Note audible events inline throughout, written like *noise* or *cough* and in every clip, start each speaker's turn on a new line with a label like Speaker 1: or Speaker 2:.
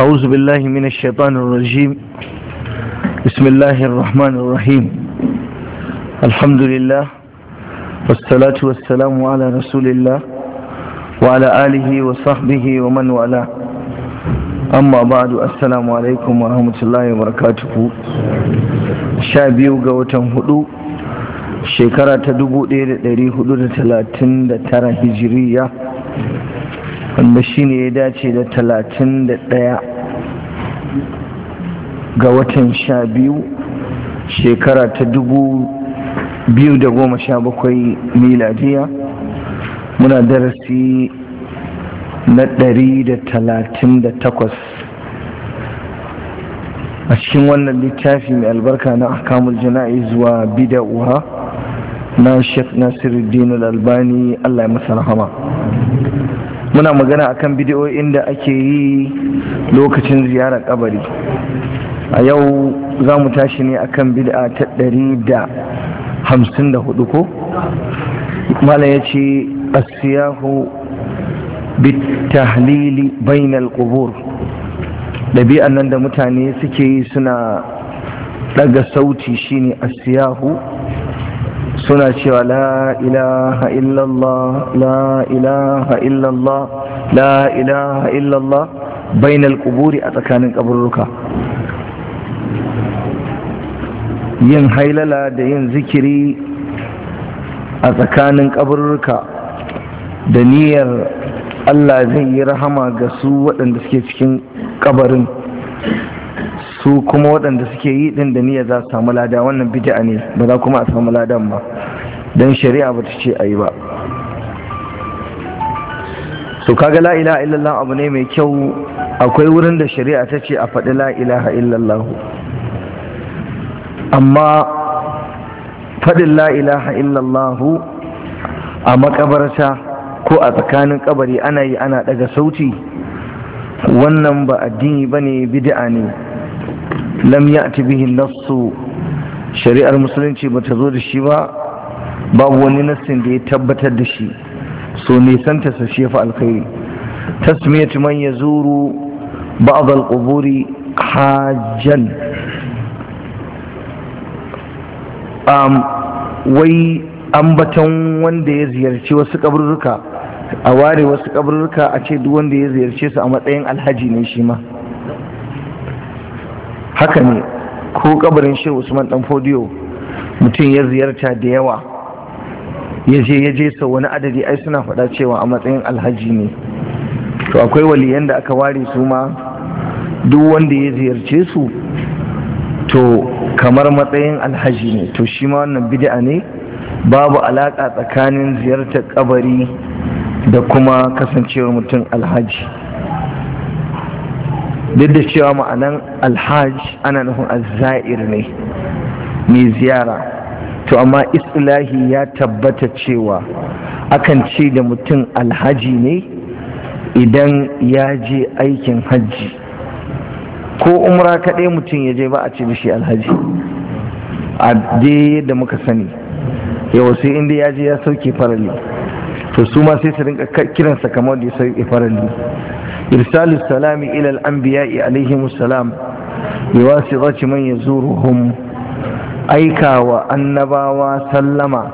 Speaker 1: أعوذ بالله من الشيطان الرجيم بسم الله الرحمن الرحيم الحمد لله والصلاة والسلام على رسول الله وعلى آله وصحبه ومن والاه amma ba'du assalamu alaikum wa rahmatullahi wa barakatuhu sha biyu ga watan hudu shekara ta 1439 hijiriya wanda shi ne ya dace da talatin da ɗaya ga watan sha biyu shekara ta dubu biyu da goma sha bakwai miladiya muna darasi na ɗari da talatin da takwas a cikin wannan littafi mai albarka na akamul jana'i zuwa bida'uwa na shek nasiruddin albani allah ya masa rahama muna magana akan bidiyoyin da ake yi lokacin ziyarar kabari a yau za mu tashi ne akan bid'a ta ɗari da hamsin da hudu ko mala ya ce asiyahu bitahlili bainal qubur ɗabi'an nan da mutane suke yi suna ɗaga sauti shine asiyahu suna cewa la ilaha illallah la ilaha illallah la ilaha illallah bainal kuburi a tsakanin kaburruka yin hailala da yin zikiri a tsakanin kaburruka da niyyar Allah zai yi rahama ga su waɗanda suke cikin kabarin su kuma waɗanda suke yi ɗin da niyyar za su samu lada wannan bid'a ne ba za kuma a samu ladan ba don shari'a ba ta ce a yi ba so kaga la ilaha illallah abu ne mai kyau akwai wurin da shari'a ta ce a faɗi la ilaha illallah amma faɗin la ilaha illallah a makabarta ko a tsakanin kabari ana yi ana daga sauti wannan ba addini ba ne bid'a ne lam ya'ti bihi nassu shari'ar musulunci ba ta zo da shi ba babu wani nassin da ya tabbatar da shi so nisan ta sashe shefa alkhairi tasmiyat man yazuru ba'd al-quburi hajjan am wai ambaton wanda ya ziyarci wasu kaburruka a ware wasu kaburruka a ce duk wanda ya ziyarce su a matsayin alhaji ne shi ma haka ne ko kabarin shehu usman dan fodiyo mutum ya ziyarta da yawa ya je ya je sau wani adadi ai suna faɗa cewa a matsayin alhaji ne to akwai waliyan da aka ware su ma duk wanda ya ziyarce su to kamar matsayin alhaji ne to shi ma wannan bid'a ne babu alaƙa tsakanin ziyartar kabari da kuma kasancewar mutum alhaji duk da cewa ma'anan Alhaji ana nufin azzair ne mai ziyara to amma islahi ya tabbata cewa akan ce da mutum alhaji ne idan ya je aikin hajji ko umra kaɗai mutum ya je ba a ce da alhaji a da muka sani Yau sai inda ya je ya sauke farali to su ma sai su rinka kiransa kamar da ya sauke farali irsalu salami ila al-anbiya'i alaihimus salam biwasitati man yazuruhum aika wa annabawa sallama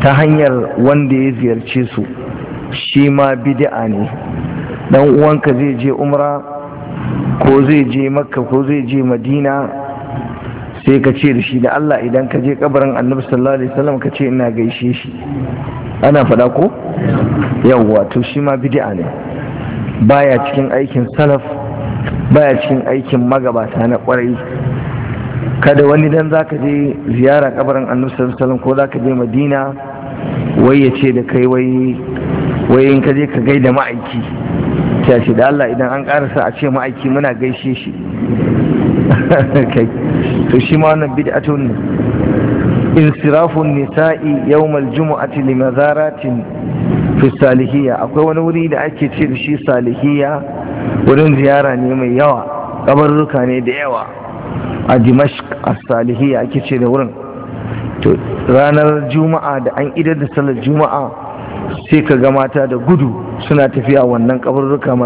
Speaker 1: ta hanyar wanda ya ziyarce su shi ma bid'a ne dan uwanka zai je umra ko zai je makka ko zai je madina sai ka ce da shi da Allah idan ka je kabarin annabi sallallahu alaihi wasallam ka ce ina gaishe shi ana faɗa ko yawwa to shi ma bid'a ne baya cikin aikin salaf baya cikin aikin magabata na kwarai kada wani dan ka je ziyara kabarin annabi sallallahu ko za ka je madina wai ya ce da kai wai wai in ka je ka gaida ma'aiki ta ce da Allah idan an karasa a ce ma'aiki muna gaishe shi *laughs* to shi ma wannan bid'atun ne insirafun nisa'i yawmal jumu'ati limazaratin fi salihiyya akwai wani wuri da ake ce da shi salihiyya wurin ziyara ne mai yawa kabarruka ne da yawa a dimashq a salihiyya ake ce da wurin to ranar juma'a da an idar da salar juma'a sai ka ga mata da gudu suna tafiya wannan kabarruka